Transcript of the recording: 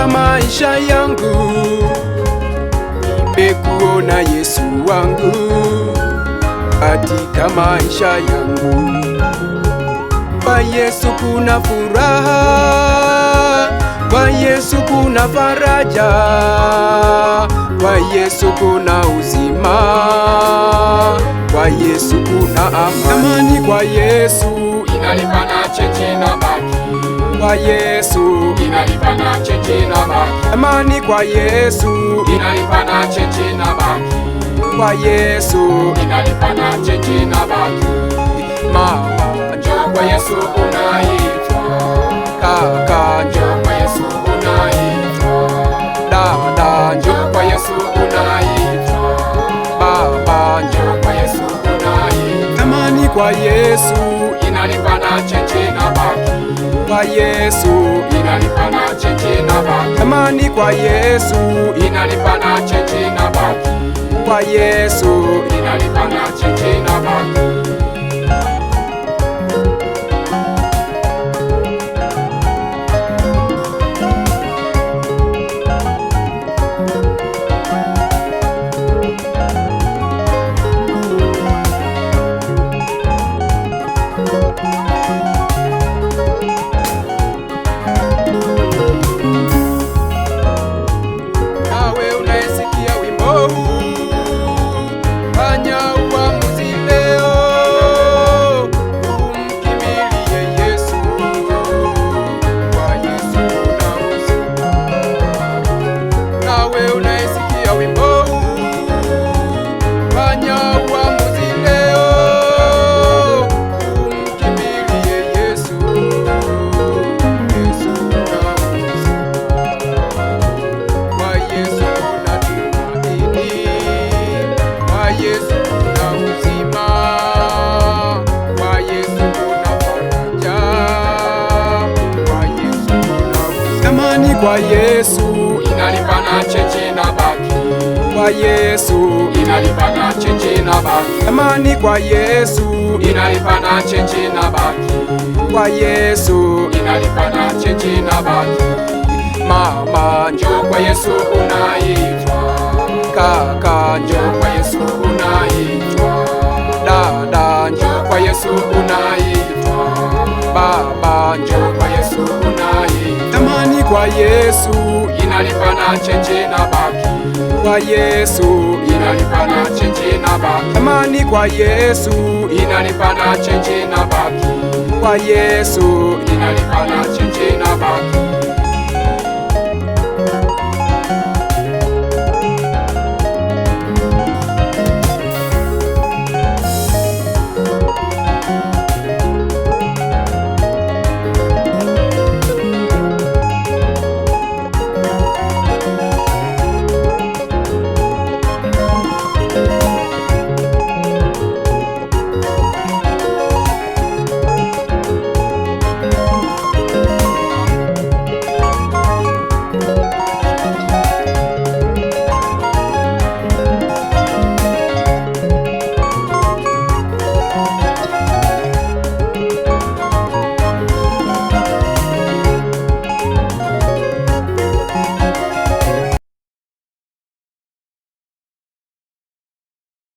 katika maisha yangu, nimekuona Yesu wangu katika maisha yangu. Kwa Yesu kuna furaha, kwa Yesu kuna faraja, kwa Yesu kuna uzima, kwa Yesu kuna amani, kwa Yesu inalipana cheche na baki kwa Yesu inalipa na cheche na baki. Amani kwa Yesu inalipa na cheche na baki. Kwa Yesu inalipa na cheche na baki. Mama, njoo kwa Yesu unaitwa. Kaka, njoo kwa Yesu unaitwa. Dada, njoo kwa Yesu unaitwa. Baba, njoo kwa Yesu unaitwa. Amani kwa Yesu Yesu inanipa na cheche na baki. Amani kwa Yesu inanipa na cheche na baki. Kwa Yesu inanipa na cheche na baki. Kwa Yesu inalipana cheche na baki. Kwa Yesu inalipana cheche na baki. Amani kwa Yesu inalipana cheche na baki. Kwa Yesu inalipana cheche na baki. Mama njoo kwa Yesu unaitwa. Kaka njoo kwa Yesu unaitwa. Dada njoo kwa Yesu unaitwa. Baba njoo kwa Yesu unaitwa. Kwa Yesu inalipa na chenje na baki. Kwa Yesu inalipa na chenje na baki. Amani kwa Yesu inalipa na chenje na baki. Kwa Yesu inalipa na